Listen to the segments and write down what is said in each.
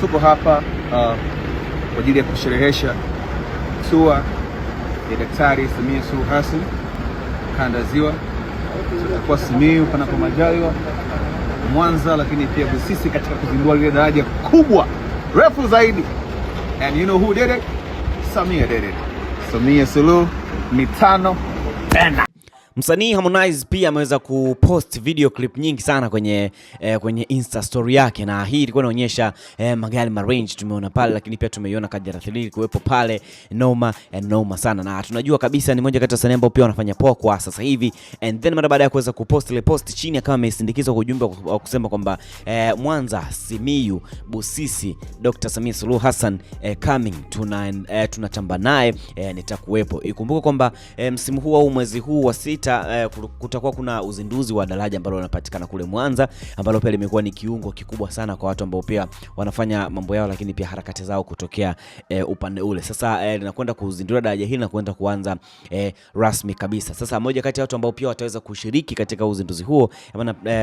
Tuko hapa uh, kwa ajili ya kusherehesha tua ya Daktari Samia Suluhu Hassan kanda ziwa, tutakuwa Simiyu panapo majaliwa Mwanza, lakini pia Busisi katika kuzindua lile daraja kubwa refu zaidi. And you know who did it? Samia did it. Samia Suluhu mitano tena. Msanii Harmonize pia ameweza kupost video clip nyingi sana kwenye, eh, kwenye Insta story yake na hii ilikuwa inaonyesha eh, magari ma range tumeona pale, lakini pia tumeiona Kajala 3 kuwepo pale noma and eh, noma sana, na tunajua kabisa ni moja kati ya wasanii ambao pia wanafanya poa kwa sasa hivi, and then mara baada ya kuweza kupost ile post chini akawa amesindikizwa kwa ujumbe wa kusema kwamba eh, Mwanza, Simiyu, Busisi, Dr. Samia Suluhu Hassan eh, coming tuna eh, tunatamba naye eh, nitakuwepo. Ikumbuke kwamba eh, msimu huu au mwezi huu wa sita sita eh, kutakuwa kuna uzinduzi wa daraja ambalo linapatikana kule Mwanza ambalo pia limekuwa ni kiungo kikubwa sana kwa watu ambao pia wanafanya mambo yao, lakini pia harakati zao kutokea eh, upande ule. Sasa eh, linakwenda kuzindua daraja hili na kuenda kuanza eh, rasmi kabisa. Sasa moja kati ya watu ambao pia wataweza kushiriki katika uzinduzi huo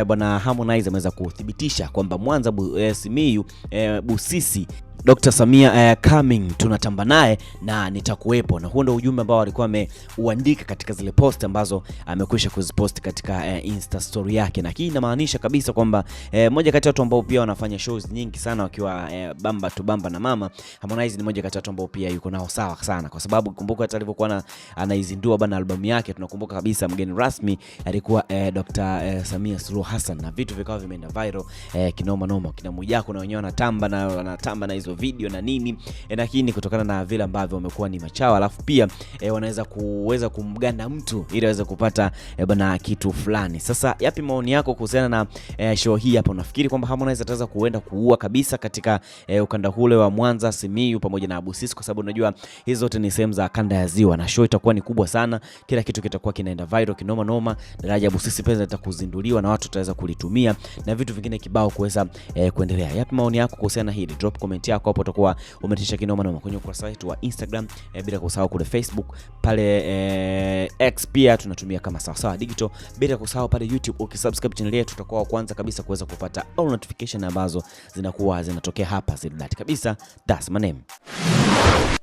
bwana uh, Harmonize ameweza kuthibitisha kwamba Mwanza bu, eh, Simiyu eh, Busisi Dr. Samia aya eh, coming tunatamba naye na nitakuwepo, na huo ndio ujumbe ambao alikuwa ameuandika katika zile post ambazo amekwisha kuzipost katika eh, Insta story yake, na hii inamaanisha kabisa kwamba eh, moja kati ya watu ambao pia wanafanya shows nyingi sana wakiwa eh, bamba tu bamba na mama Harmonize ni moja kati ya watu ambao pia yuko nao sawa sana, kwa sababu kumbuka hata alivyokuwa anaizindua bana albamu yake, tunakumbuka kabisa mgeni rasmi alikuwa eh, Dr. eh, Samia Suluhu Hassan na vitu vikawa vimeenda viral eh, kinoma noma, kina Mwijaku na wenyewe anatamba na anatamba na hizo hizo video na nini e, lakini kutokana na vile ambavyo wamekuwa ni machawa, alafu pia e, wanaweza kuweza kumganda mtu ili aweze kupata e, eh, bana kitu fulani. Sasa yapi maoni yako kuhusiana na e, show hii hapa? Unafikiri kwamba Harmonize ataweza kuenda kuua kabisa katika e, ukanda ule wa Mwanza, Simiyu pamoja na Busisi, kwa sababu unajua hizo zote ni sehemu za kanda ya Ziwa na show itakuwa ni kubwa sana, kila kitu kitakuwa kinaenda viral kinoma noma. Daraja Busisi pesa litakuzinduliwa na watu wataweza kulitumia na vitu vingine kibao kuweza e, kuendelea. Yapi maoni yako kuhusiana na hili? Drop comment yako yako hapo utakuwa umetisha kinoma noma kwenye ukurasa wetu wa Instagram e, bila kusahau kule Facebook pale e, X pia tunatumia kama sawasawa digital, bila kusahau pale YouTube ukisubscribe channel yetu utakuwa wa kwanza kabisa kuweza kupata all notification ambazo zinakuwa zinatokea hapa kabisa. That's my name.